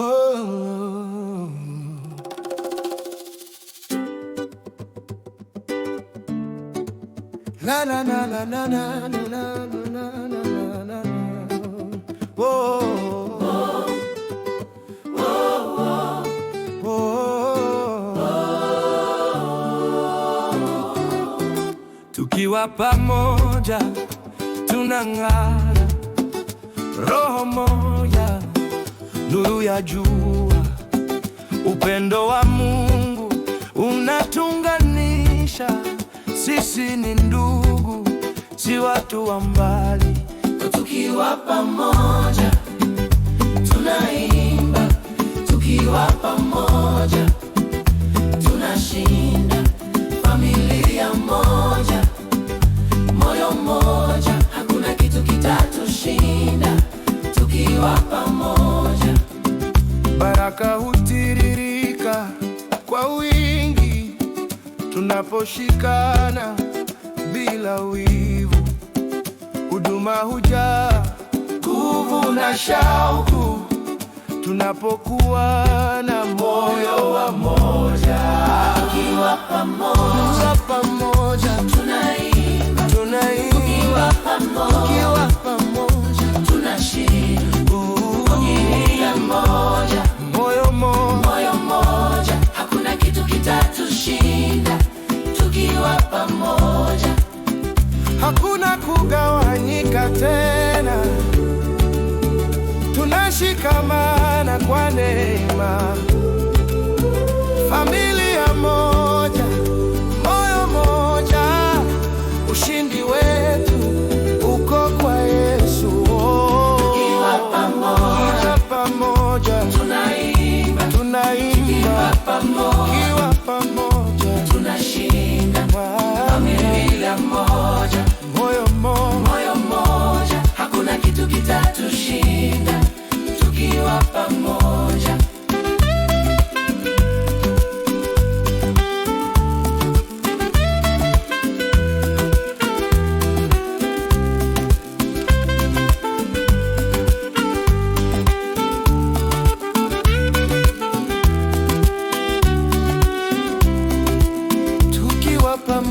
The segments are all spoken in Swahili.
Oh. La la la la la la la la la la oh. Tukiwa pamoja tunang'ara roho moja nuru ya jua. Upendo wa Mungu unatunganisha sisi ni ndugu, si watu wa mbali. Tukiwa pamoja tunaimba, tukiwa pamoja tunashinda, familia moja, moyo mmoja hakuna kitu kitatushinda tukiwa pamoja. Baraka hutiririka kwa wingi tunaposhikana bila wivu. Huduma hujaa nguvu na shauku tunapokuwa na moyo wa moja, tukiwa pamoja pamoja, tunaimba tunaimba hakuna kugawanyika tena, tunashikamana kwa neema, familia moja, moyo moja, ushindi wetu uko kwa Yesu. Tukiwa pamoja, tukiwa pamoja, tunaimba, tunaimba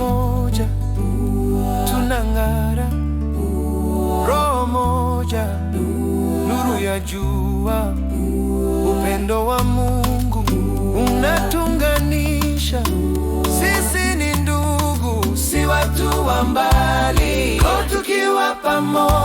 moja tunang'ara, roho moja, nuru ya jua, upendo wa Mungu unatunganisha. Sisi ni ndugu, si watu wa mbali, ko tukiwa pamoja